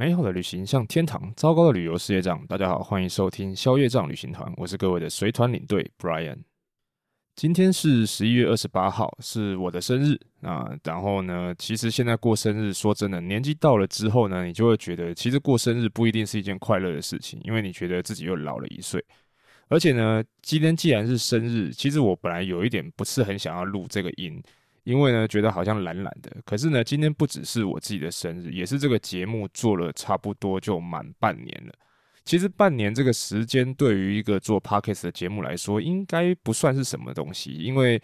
美好的旅行像天堂，糟糕的旅遊是業障。大家好，歡迎收聽消業障旅行團，我是各位的隨團領隊 Brian。今天是十一月二十八號，是我的生日啊。那然後呢，其實現在過生日，說真的，年紀到了之後呢，你就會覺得，其實過生日不一定是一件快樂的事情，因為你覺得自己又老了一歲。而且呢，今天既然是生日，其實我本來有一點不是很想要錄這個音。因為呢，覺得好像懶懶的。可是呢，今天不只是我自己的生日，也是這個節目做了差不多就滿半年了。其實半年這個時間，對於一個做 Podcast 的節目來說，應該不算是什麼東西，因為，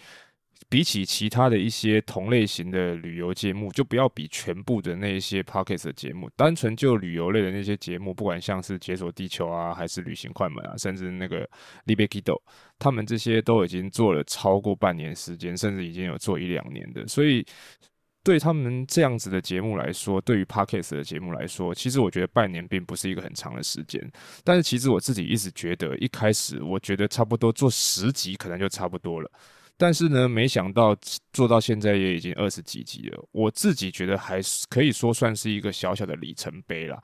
比起其他的一些同類型的旅遊節目，就不要比全部的那些 Podcast 的節目。單純就旅遊類的那些節目，不管像是《解鎖地球》啊，還是《旅行快門》啊，甚至那個《Libekido》，他們這些都已經做了超過半年時間，甚至已經有做一兩年的。所以對他們這樣子的節目來說，對於 Podcast 的節目來說，其實我覺得半年並不是一個很長的時間。但是其實我自己一直覺得，一開始我覺得差不多做十集可能就差不多了。但是呢，沒想到做到現在也已經二十幾集了，我自己覺得還是可以說算是一個小小的里程碑啦。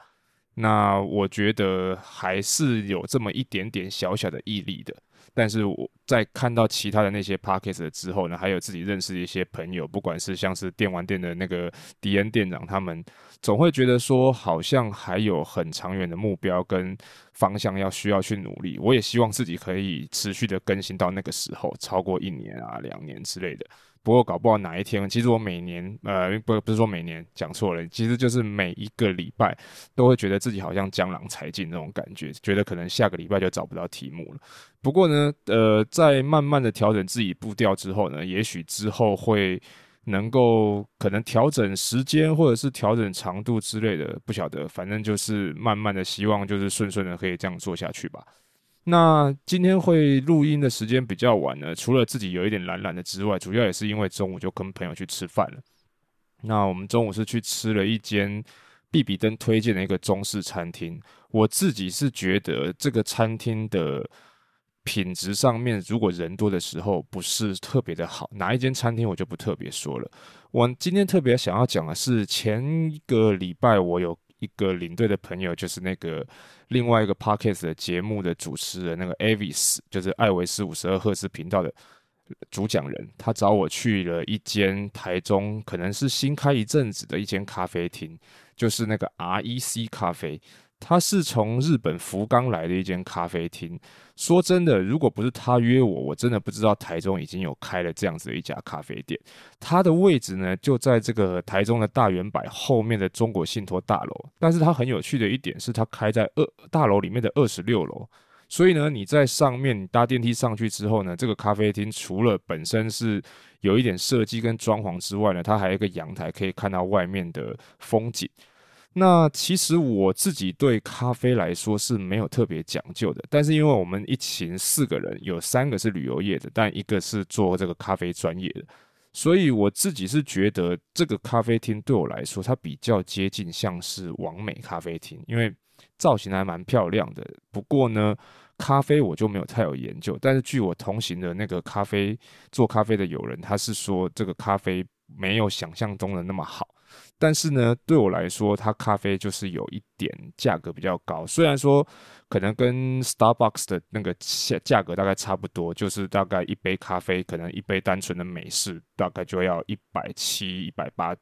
那我覺得還是有這麼一點點小小的毅力的。但是我在看到其他的那些 podcast 之後呢，還有自己認識一些朋友，不管是像是電玩店的那個迪恩店長，他們總會覺得說，好像還有很長遠的目標跟方向要需要去努力。我也希望自己可以持續的更新到那個時候，超過一年啊、兩年之類的。不過搞不好哪一天，其實我每年，呃，不，不是說每年，講錯了，其實就是每一個禮拜都會覺得自己好像江郎才盡那種感覺，覺得可能下個禮拜就找不到題目了。不過呢，呃，在慢慢的調整自己步調之後呢，也許之後會能夠可能調整時間或者是調整長度之類的，不曉得，反正就是慢慢的希望就是順順的可以這樣做下去吧。那今天會錄音的時間比較晚呢，除了自己有一點懶懶的之外，主要也是因為中午就跟朋友去吃飯了。那我們中午是去吃了一間必比登推薦的一個中式餐廳。我自己是覺得這個餐廳的品質上面，如果人多的時候不是特別的好，哪一間餐廳我就不特別說了。我今天特別想要講的是，前個禮拜我有。一個領隊的朋友，就是那個另外一個 podcast 的節目的主持人，那個艾維斯，就是艾維斯五十二赫茲頻道的主講人，他找我去了一間台中，可能是新開一陣子的一間咖啡廳，就是那個 REC 咖啡。他是從日本福岡來的一間咖啡廳。說真的，如果不是他約我，我真的不知道台中已經有開了這樣子的一家咖啡店。它的位置呢，就在這個台中的大遠百後面的中國信託大樓。但是它很有趣的一點是，它開在二大樓裡面的二十六樓。所以呢，你在上面你搭電梯上去之後呢，這個咖啡廳除了本身是有一點設計跟裝潢之外呢，它還有一個陽台，可以看到外面的風景。那其實我自己對咖啡來說是沒有特別講究的，但是因為我們一行四個人，有三個是旅遊業的，但一個是做這個咖啡專業的，所以我自己是覺得這個咖啡廳對我來說，它比較接近像是網美咖啡廳，因為造型還蠻漂亮的。不過呢，咖啡我就沒有太有研究，但是據我同行的那個咖啡、做咖啡的友人，他是說這個咖啡沒有想象中的那麼好。但是呢，對我來說，它咖啡就是有一點價格比較高。雖然說可能跟 Starbucks 的那個價格大概差不多，就是大概一杯咖啡，可能一杯單純的美式大概就要一百七、一百八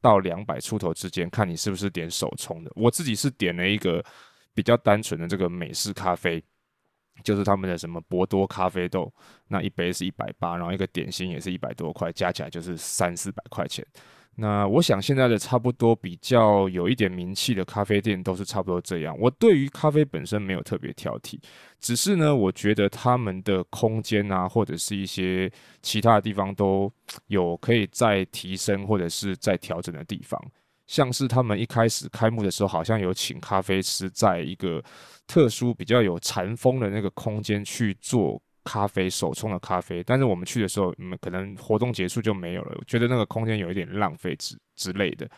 到兩百出頭之間，看你是不是點手沖的。我自己是點了一個比較單純的這個美式咖啡，就是他們的什麼博多咖啡豆那一杯是一百八，然後一個點心也是一百多塊，加起來就是三四百塊錢。那我想現在的差不多比較有一點名氣的咖啡店都是差不多這樣。我對於咖啡本身沒有特別挑剔，只是呢，我覺得他們的空間啊，或者是一些其他的地方都有可以再提升或者是再調整的地方。像是他們一開始開幕的時候，好像有請咖啡師在一個特殊比較有禪風的那個空間去做。咖啡手沖的咖啡，但是我們去的時候，你們、嗯、可能活動結束就沒有了。覺得那個空間有一點浪費之之類的。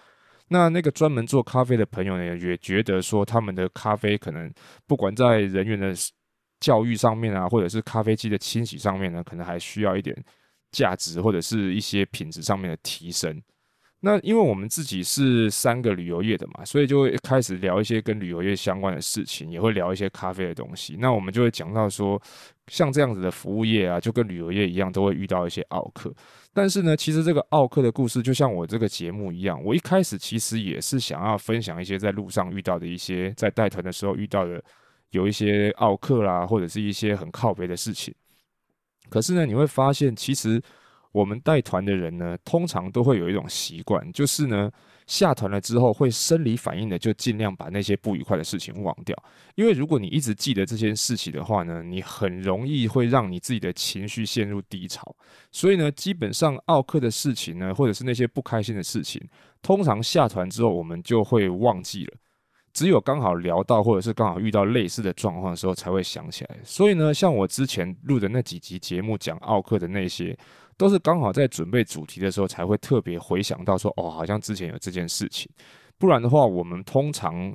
那那個專門做咖啡的朋友呢，也覺得說他們的咖啡可能不管在人員的教育上面啊，或者是咖啡機的清洗上面呢，可能還需要一點價值或者是一些品質上面的提升。那因為我們自己是三個旅遊業的嘛，所以就會開始聊一些跟旅遊業相關的事情，也會聊一些咖啡的東西。那我們就會講到說，像這樣子的服務業啊，就跟旅遊業一樣，都會遇到一些奧客。但是呢，其實這個奧客的故事，就像我這個節目一樣，我一開始其實也是想要分享一些在路上遇到的一些，在帶團的時候遇到的有一些奧客啦、啊，或者是一些很靠北的事情。可是呢，你會發現其實。我們帶團的人呢，通常都會有一種習慣，就是呢，下團了之後會生理反應的，就儘量把那些不愉快的事情忘掉。因為如果你一直記得這件事情的話呢，你很容易會讓你自己的情緒陷入低潮。所以呢，基本上奧客的事情呢，或者是那些不開心的事情，通常下團之後我們就會忘記了。只有剛好聊到，或者是剛好遇到類似的狀況的時候，才會想起來。所以呢，像我之前錄的那幾集節目，講奧客的那些。都是剛好在準備主題的時候，才會特別回想到說哦，好像之前有這件事情，不然的話我們通常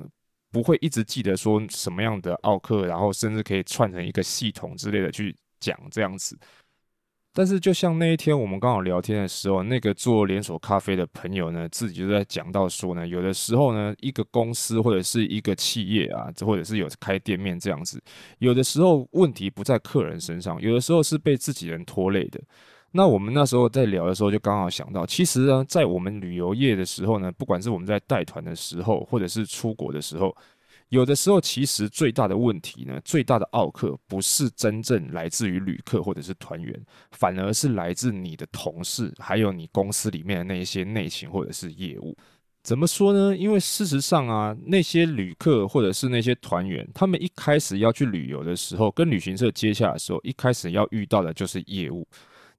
不會一直記得說什麼樣的奧客，然後甚至可以串成一個系統之類的去講這樣子。但是就像那一天我們剛好聊天的時候，那個做連鎖咖啡的朋友呢，自己就在講到說呢，有的時候呢，一個公司或者是一個企業啊，或者是有開店面這樣子，有的時候問題不在客人身上，有的時候是被自己人拖累的。那我們那時候在聊的時候，就剛好想到，其實呢，在我們旅遊業的時候呢，不管是我們在帶團的時候，或者是出國的時候，有的時候其實最大的問題呢，最大的奧客不是真正來自於旅客或者是團員，反而是來自你的同事，還有你公司裡面的那一些內勤或者是業務。怎麼說呢？因為事實上啊，那些旅客或者是那些團員，他們一開始要去旅遊的時候，跟旅行社接洽的時候，一開始要遇到的就是業務。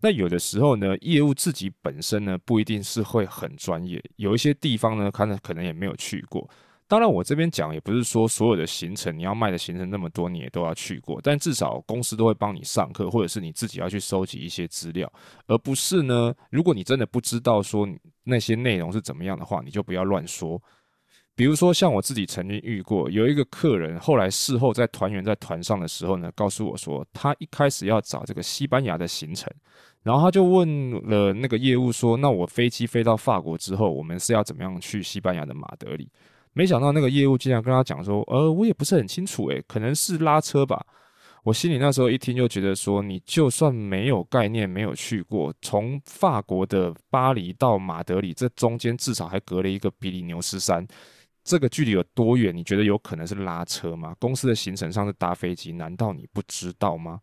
那有的時候呢，業務自己本身呢，不一定是會很專業，有一些地方呢，他呢可能也沒有去過。當然，我這邊講也不是說所有的行程，你要賣的行程那麼多，你也都要去過，但至少公司都會幫你上課，或者是你自己要去收集一些資料，而不是呢，如果你真的不知道說那些內容是怎麼樣的話，你就不要亂說。比如說像我自己曾經遇過有一個客人，後來事後在團員在團上的時候呢，告訴我說他一開始要找這個西班牙的行程。然後他就問了那個業務說：“那我飛機飛到法國之後，我們是要怎麼樣去西班牙的馬德里？”沒想到那個業務竟然跟他講說：“呃，我也不是很清楚、欸，誒，可能是拉車吧。”我心裡那時候一聽就覺得說：“你就算沒有概念，沒有去過，從法國的巴黎到馬德里，這中間至少還隔了一個比利牛斯山，這個距離有多遠？你覺得有可能是拉車嗎？公司的行程上是搭飛機，難道你不知道嗎？”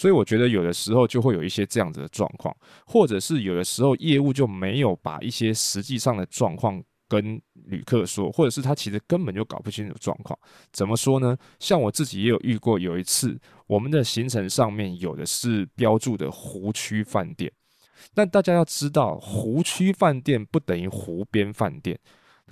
所以我覺得有的時候就會有一些這樣子的狀況，或者是有的時候業務就沒有把一些實際上的狀況跟旅客說，或者是他其實根本就搞不清楚狀況。怎麼說呢？像我自己也有遇過，有一次我們的行程上面有的是標注的湖區飯店，但大家要知道，湖區飯店不等於湖邊飯店，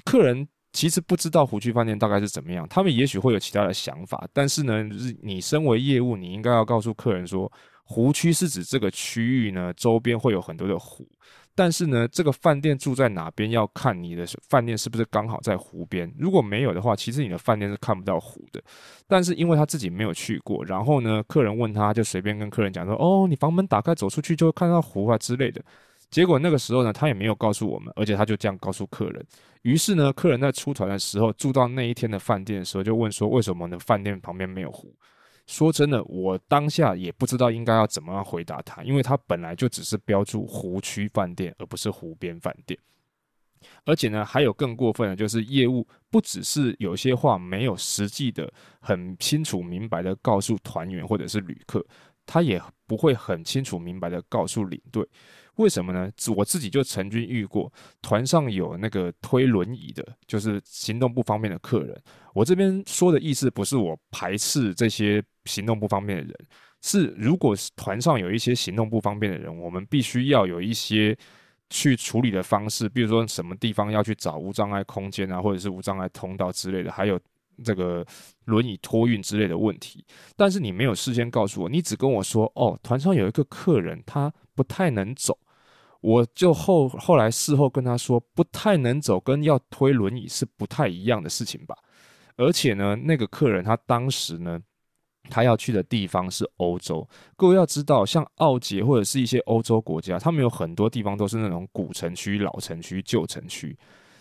客人，其實不知道湖區飯店大概是怎麼樣，他們也許會有其他的想法。但是呢，你身為業務，你應該要告訴客人說，湖區是指這個區域呢，周邊會有很多的湖。但是呢，這個飯店住在哪邊要看你的飯店是不是剛好在湖邊。如果沒有的話，其實你的飯店是看不到湖的。但是因為他自己沒有去過，然後呢，客人問他就隨便跟客人講說，哦，你房門打開走出去就會看到湖啊之類的。結果那個時候呢，他也沒有告訴我們，而且他就這樣告訴客人。於是呢，客人在出團的時候住到那一天的飯店的時候，就問說：“為什麼呢飯店旁邊沒有湖？”說真的，我當下也不知道應該要怎麼樣回答他，因為他本來就只是標註湖區飯店，而不是湖邊飯店。而且呢，還有更過分的，就是業務不只是有些話沒有實際的很清楚明白的告訴團員或者是旅客，他也不會很清楚明白的告訴領隊。為什麼呢？我自己就曾經遇過團上有那個推輪椅的，就是行動不方便的客人。我這邊說的意思不是我排斥這些行動不方便的人，是如果團上有一些行動不方便的人，我們必須要有一些去處理的方式，比如說什麼地方要去找無障礙空間啊，或者是無障礙通道之類的，還有這個輪椅托運之類的問題。但是你沒有事先告訴我，你只跟我說哦，團上有一個客人，他不太能走。我就後後來事後跟他說，不太能走，跟要推輪椅是不太一樣的事情吧。而且呢，那個客人他當時呢，他要去的地方是歐洲。各位要知道，像奧捷或者是一些歐洲國家，他們有很多地方都是那種古城區、老城區、舊城區，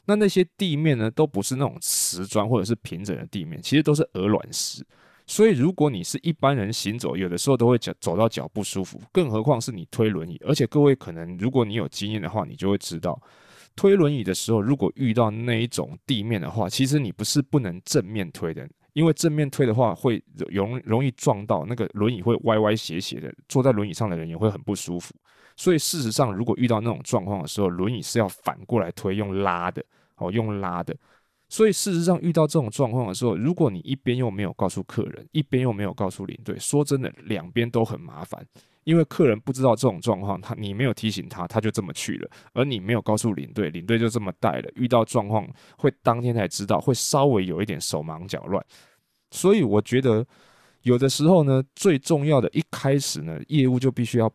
那那些地面呢，都不是那種瓷磚或者是平整的地面，其實都是鵝卵石。所以，如果你是一般人行走，有的時候都會腳走到腳不舒服，更何況是你推輪椅。而且，各位可能如果你有經驗的話，你就會知道，推輪椅的時候，如果遇到那一種地面的話，其實你不是不能正面推的，因為正面推的話會容容易撞到，那個輪椅會歪歪斜斜的，坐在輪椅上的人也會很不舒服。所以，事實上，如果遇到那種狀況的時候，輪椅是要反過來推，用拉的哦，用拉的。所以事實上，遇到這種狀況的時候，如果你一邊又沒有告訴客人，一邊又沒有告訴領隊，說真的，兩邊都很麻煩。因為客人不知道這種狀況，他你沒有提醒他，他就這麼去了；而你沒有告訴領隊，領隊就這麼帶了，遇到狀況會當天才知道，會稍微有一點手忙腳亂。所以我覺得，有的時候呢，最重要的一開始呢，業務就必須要。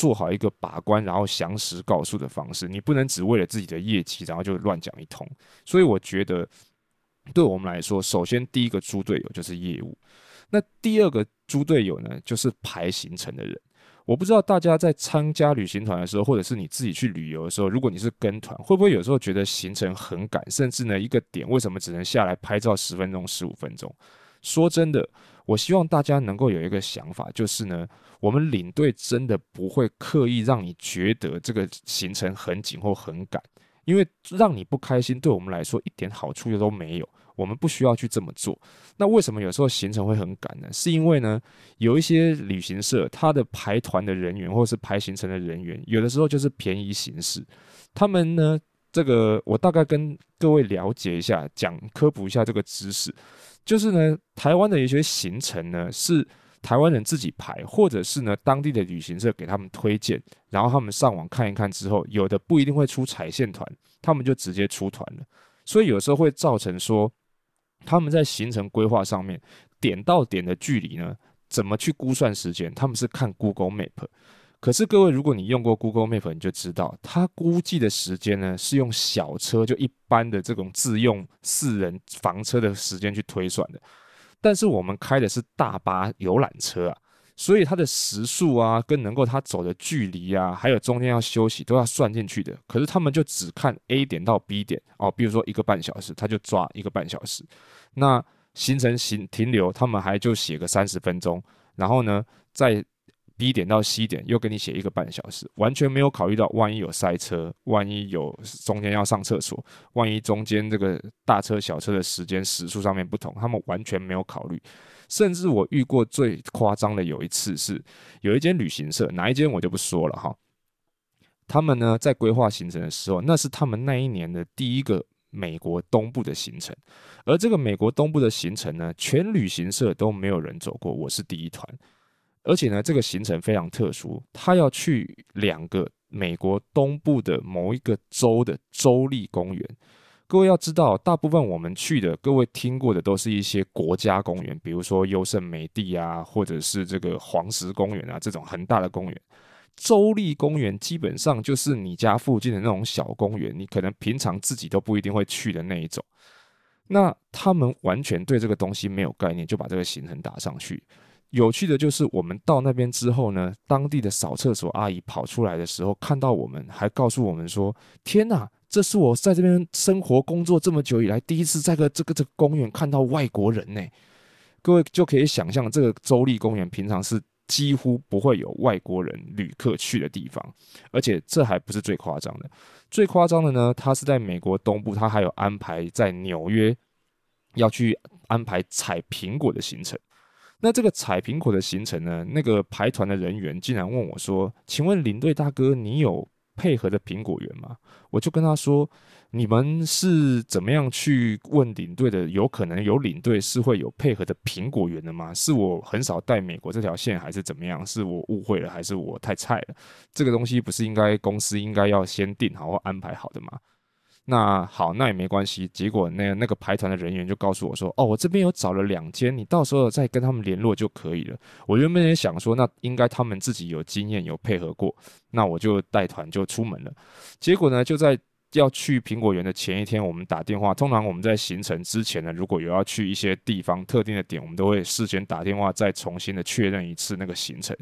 做好一個把關，然後詳實告訴的方式，你不能只為了自己的業績，然後就亂講一通。所以我覺得，對我們來說，首先第一個豬隊友就是業務，那第二個豬隊友呢，就是排行程的人。我不知道大家在參加旅行團的時候，或者是你自己去旅游的時候，如果你是跟團，會不會有時候覺得行程很趕，甚至呢一個點為什麼只能下來拍照十分鐘、十五分鐘？說真的。我希望大家能夠有一個想法，就是呢，我們領隊真的不會刻意讓你覺得這個行程很緊或很趕，因為讓你不開心對我們來說一點好處都沒有，我們不需要去這麼做。那為什麼有時候行程會很趕呢？是因為呢，有一些旅行社他的排團的人員或是排行程的人員，有的時候就是便宜行事，他們呢。這個我大概跟各位了解一下，講科普一下這個知識，就是呢，台灣的一些行程呢是台灣人自己排，或者是呢當地的旅行社給他們推薦，然後他們上網看一看之後，有的不一定會出踩線團，他們就直接出團了，所以有時候會造成說他們在行程規劃上面點到點的距離呢，怎麼去估算時間，他們是看 Google Map。可是各位，如果你用過 Google Map，你就知道，它估計的時間呢，是用小車就一般的這種自用四人房車的時間去推算的。但是我們開的是大巴遊覽車啊，所以它的時速啊，跟能夠它走的距離啊，還有中間要休息都要算進去的。可是他們就只看 A 點到 B 點哦，比如說一個半小時，他就抓一個半小時。那行程行停留，他們還就寫個三十分鐘，然後呢再，在 A 點到 C 點又給你寫一個半小時，完全沒有考慮到萬一有塞車，萬一有中間要上廁所，萬一中間這個大車小車的時間時速上面不同，他們完全沒有考慮。甚至我遇過最誇張的有一次是，有一間旅行社哪一間我就不說了哈，他們呢在規劃行程的時候，那是他們那一年的第一個美國東部的行程，而這個美國東部的行程呢，全旅行社都沒有人走過，我是第一團。而且呢，這個行程非常特殊，它要去兩個美國東部的某一個州的州立公園。各位要知道，大部分我們去的，各位聽過的，都是一些國家公園，比如說優勝美地啊，或者是這個黃石公園啊，這種很大的公園。州立公園基本上就是你家附近的那種小公園，你可能平常自己都不一定會去的那一種。那他們完全對這個東西沒有概念，就把這個行程打上去。有趣的就是，我們到那邊之後呢，當地的掃廁所阿姨跑出來的時候，看到我們，還告訴我們說：“天哪，這是我在這邊生活工作這麼久以來，第一次在這個這個這個公園看到外國人呢。”各位就可以想象，這個州立公園平常是幾乎不會有外國人旅客去的地方，而且這還不是最誇張的，最誇張的呢，它是在美國東部，它還有安排在紐約要去安排採蘋果的行程。那這個採蘋果的行程呢，那個排團的人員竟然問我說：“請問領隊大哥，你有配合的蘋果園嗎？”我就跟他說：“你們是怎麼樣去問領隊的？有可能有領隊是會有配合的蘋果園的嗎？是我很少帶美國這條線，還是怎麼樣？是我誤會了，還是我太菜了？這個東西不是應該公司應該要先定好或安排好的嗎？”那好，那也沒關係。結果那個、那個排團的人員就告訴我說：“哦，我這邊有找了兩間，你到時候再跟他們聯絡就可以了。”我原本也想說，那應該他們自己有經驗，有配合過，那我就帶團就出門了。結果呢，就在要去蘋果園的前一天，我們打電話。通常我們在行程之前呢，如果有要去一些地方特定的點，我們都會事先打電話再重新的確認一次那個行程。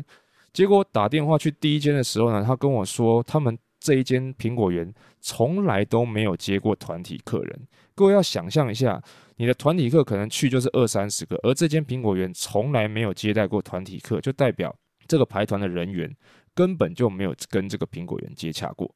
結果打電話去第一間的時候呢，他跟我說他們。這一間蘋果園從來都沒有接過團體客人，各位要想象一下，你的團體客可能去就是二三十個，而這間蘋果園從來沒有接待過團體客，就代表這個排團的人員根本就沒有跟這個蘋果園接洽過。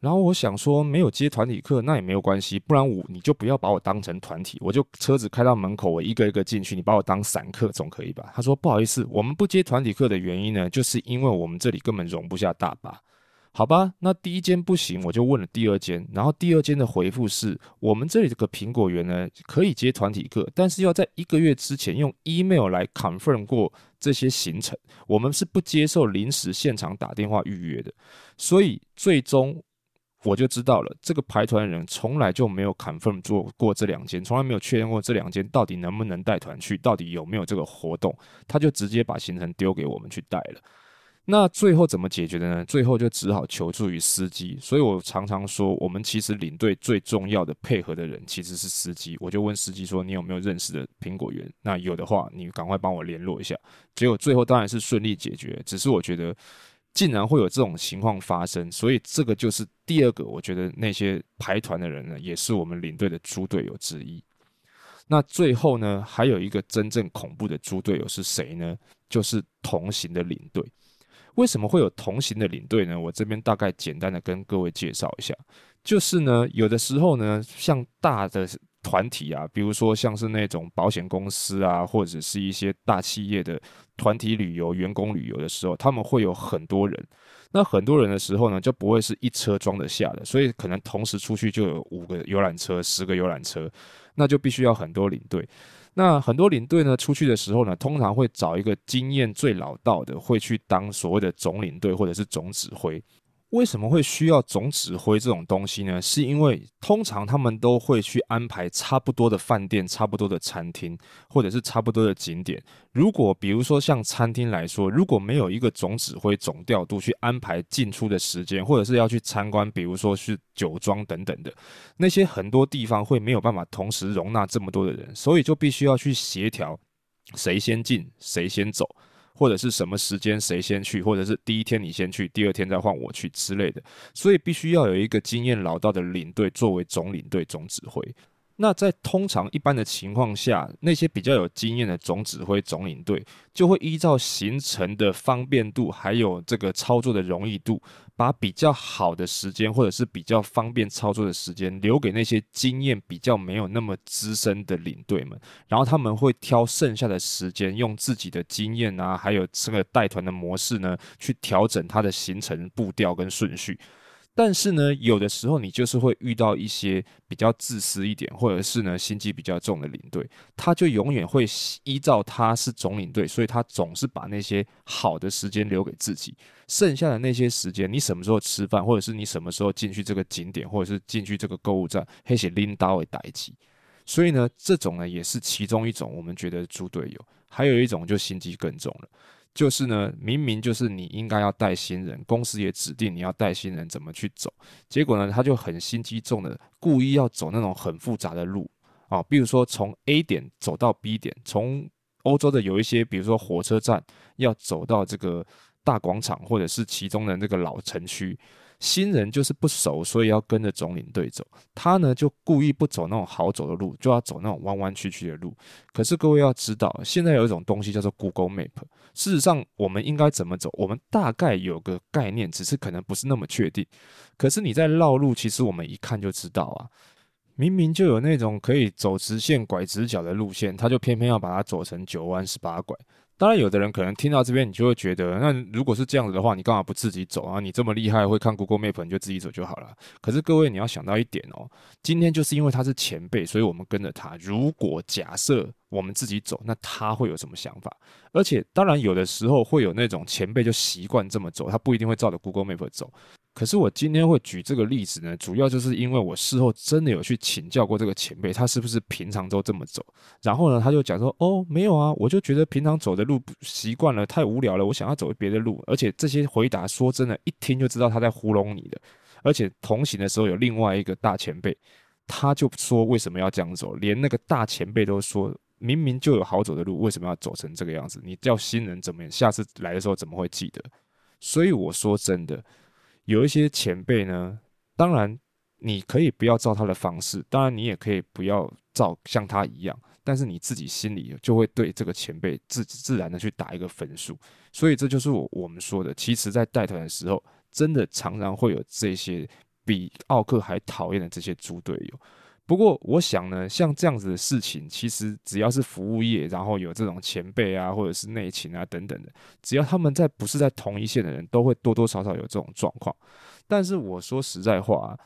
然後我想說，沒有接團體客那也沒有關係，不然我你就不要把我當成團體，我就車子開到門口，我一個一個進去，你把我當散客總可以吧？他說不好意思，我們不接團體客的原因呢，就是因為我們這裡根本容不下大巴。好吧，那第一間不行，我就問了第二間，然後第二間的回覆是我們這裡這個蘋果園呢，可以接團體客，但是要在一個月之前用 email 來 confirm 過這些行程，我們是不接受臨時現場打電話預約的。所以最終我就知道了，這個排團的人從來就沒有 confirm 做過這兩間，從來沒有確認過這兩間到底能不能帶團去，到底有沒有這個活動，他就直接把行程丟給我們去帶了。那最後怎麼解決的呢？最後就只好求助於司機。所以我常常說，我們其實領隊最重要的配合的人其實是司機。我就問司機說：“你有沒有認識的蘋果園？那有的話，你趕快幫我聯絡一下。”結果最後當然是順利解決。只是我覺得，竟然會有這種情況發生，所以這個就是第二個，我覺得那些排團的人呢，也是我們領隊的豬隊友之一。那最後呢，還有一個真正恐怖的豬隊友是誰呢？就是同行的領隊。為什麼會有同行的領隊呢？我這邊大概簡單的跟各位介紹一下，就是呢，有的時候呢，像大的團體啊，比如說像是那種保險公司啊，或者是一些大企業的團體旅遊、員工旅遊的時候，他們會有很多人，那很多人的時候呢，就不會是一車裝得下的，所以可能同時出去就有五個遊覽車、十個遊覽車，那就必須要很多領隊。那很多領隊呢，出去的時候呢，通常會找一個經驗最老道的，會去當所謂的總領隊或者是總指揮。為什麼會需要總指揮這種東西呢？是因為通常他們都會去安排差不多的飯店、差不多的餐廳，或者是差不多的景點。如果比如說像餐廳來說，如果沒有一個總指揮、總調度去安排進出的時間，或者是要去參觀，比如說是酒莊等等的，那些很多地方會沒有辦法同時容納這麼多的人，所以就必須要去協調誰先進，誰先走。或者是什麼時間誰先去，或者是第一天你先去，第二天再換我去之類的，所以必須要有一個經驗老道的領隊作為總領隊總指揮。那在通常一般的情況下，那些比較有經驗的總指揮總領隊就會依照行程的方便度，還有這個操作的容易度。把比較好的時間，或者是比較方便操作的時間，留給那些經驗比較沒有那麼資深的領隊們，然後他們會挑剩下的時間，用自己的經驗啊，還有這個帶團的模式呢，去調整他的行程步調跟順序。但是呢，有的時候你就是會遇到一些比較自私一點，或者是呢心機比較重的領隊，他就永遠會依照他是總領隊，所以他總是把那些好的時間留給自己，剩下的那些時間，你什麼時候吃飯，或者是你什麼時候進去這個景點，或者是進去這個購物站，他先拎刀來打起。所以呢，這種呢也是其中一種我們覺得豬隊友，還有一種就心機更重了。就是呢，明明就是你應該要帶新人，公司也指定你要帶新人怎麼去走，結果呢，他就很心機重的，故意要走那種很複雜的路啊，比如說從 A 點走到 B 點，從歐洲的有一些，比如說火車站要走到這個大廣場，或者是其中的那個老城區。新人就是不熟，所以要跟着總領隊走。他呢，就故意不走那種好走的路，就要走那種彎彎曲曲的路。可是各位要知道，現在有一種東西叫做 Google Map。事實上，我們應該怎麼走？我們大概有個概念，只是可能不是那麼確定。可是你在繞路，其實我們一看就知道啊，明明就有那種可以走直線、拐直角的路線，他就偏偏要把它走成九彎十八拐。當然，有的人可能聽到這邊，你就會覺得，那如果是這樣子的話，你幹嘛不自己走啊？你這麼厲害，會看 Google Map，你就自己走就好了。可是各位，你要想到一點哦，今天就是因為他是前輩，所以我們跟着他。如果假設我們自己走，那他會有什麼想法？而且，當然有的時候會有那種前輩就習慣這麼走，他不一定會照着 Google Map 走。可是我今天會舉這個例子呢，主要就是因為我事後真的有去請教過這個前輩，他是不是平常都這麼走？然後呢，他就講說，哦，沒有啊，我就覺得平常走的路不習慣了，太無聊了，我想要走別的路。而且這些回答，說真的，一聽就知道他在糊弄你的。而且同行的時候有另外一個大前輩，他就說，為什麼要這樣走？連那個大前輩都說，明明就有好走的路，為什麼要走成這個樣子？你叫新人怎麼樣，下次來的時候怎麼會記得？所以我說真的。有一些前輩呢，當然你可以不要照他的方式，當然你也可以不要照像他一樣，但是你自己心裡就會對這個前輩自自然的去打一個分數，所以這就是我我們說的，其實，在帶團的時候，真的常常會有這些比奧客還討厭的這些豬隊友。不過我想呢，像這樣子的事情，其實只要是服務業，然後有這種前輩啊，或者是內勤啊等等的，只要他們在不是在同一線的人，都會多多少少有這種狀況。但是我說實在話，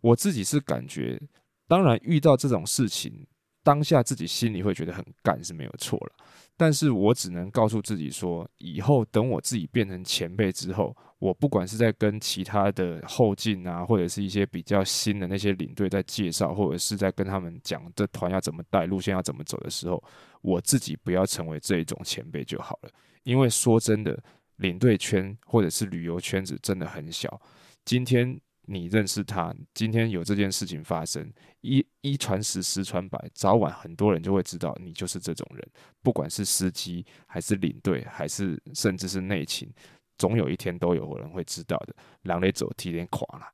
我自己是感覺，當然遇到這種事情，當下自己心裡會覺得很幹是沒有錯了。但是我只能告訴自己說，以後等我自己變成前輩之後，我不管是在跟其他的後進啊，或者是一些比較新的那些領隊在介紹，或者是在跟他們講這團要怎麼帶，路線要怎麼走的時候，我自己不要成為這一種前輩就好了。因為說真的，領隊圈或者是旅遊圈子真的很小。今天你認識他，今天有這件事情發生，一一傳十，十傳百，早晚很多人就會知道你就是這種人，不管是司機，還是領隊，還是甚至是內勤，總有一天都有人會知道的。狼隊走，提前垮了。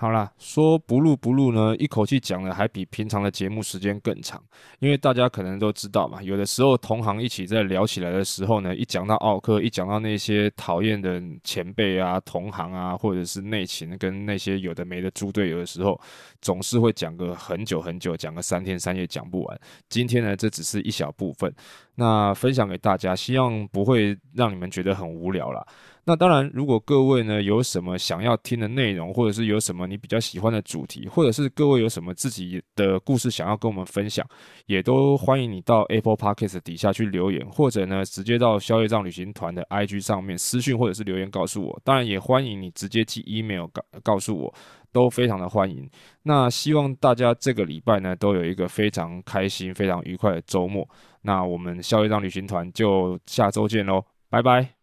好啦，說不錄不錄呢？一口氣講的還比平常的節目時間更長，因為大家可能都知道嘛，有的時候同行一起在聊起來的時候呢，一講到奧克，一講到那些討厭的前輩啊、同行啊，或者是內勤跟那些有的沒的豬隊友的時候，總是會講個很久很久，講個三天三夜講不完。今天呢，這只是一小部分，那分享給大家，希望不會讓你們覺得很無聊啦。那當然，如果各位呢有什麼想要聽的內容，或者是有什麼你比較喜歡的主題，或者是各位有什麼自己的故事想要跟我們分享，也都歡迎你到 Apple Podcast 底下去留言，或者呢直接到消業障旅行團的 IG 上面私訊或者是留言告訴我。當然也歡迎你直接寄 email 告告訴我，都非常的歡迎。那希望大家這個禮拜呢都有一個非常開心、非常愉快的週末。那我們消業障旅行團就下週見嘍，拜拜。